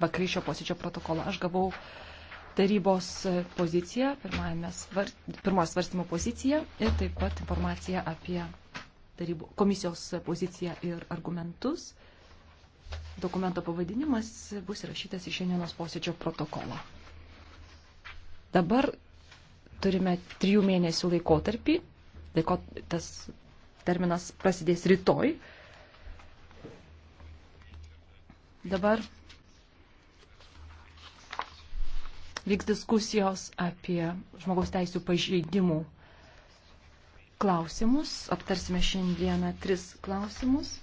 vakarykščio posėdžio protokolą. Aš gavau tarybos poziciją, svar, pirmojo svarstymo poziciją ir taip pat informaciją apie tarybų, komisijos poziciją ir argumentus. Dokumento pavadinimas bus įrašytas į šiandienos posėdžio protokolą. Dabar turime trijų mėnesių laikotarpį. Laiko, tas terminas prasidės rytoj. Dabar vyks diskusijos apie žmogaus teisų pažeidimų klausimus. Aptarsime šiandieną tris klausimus.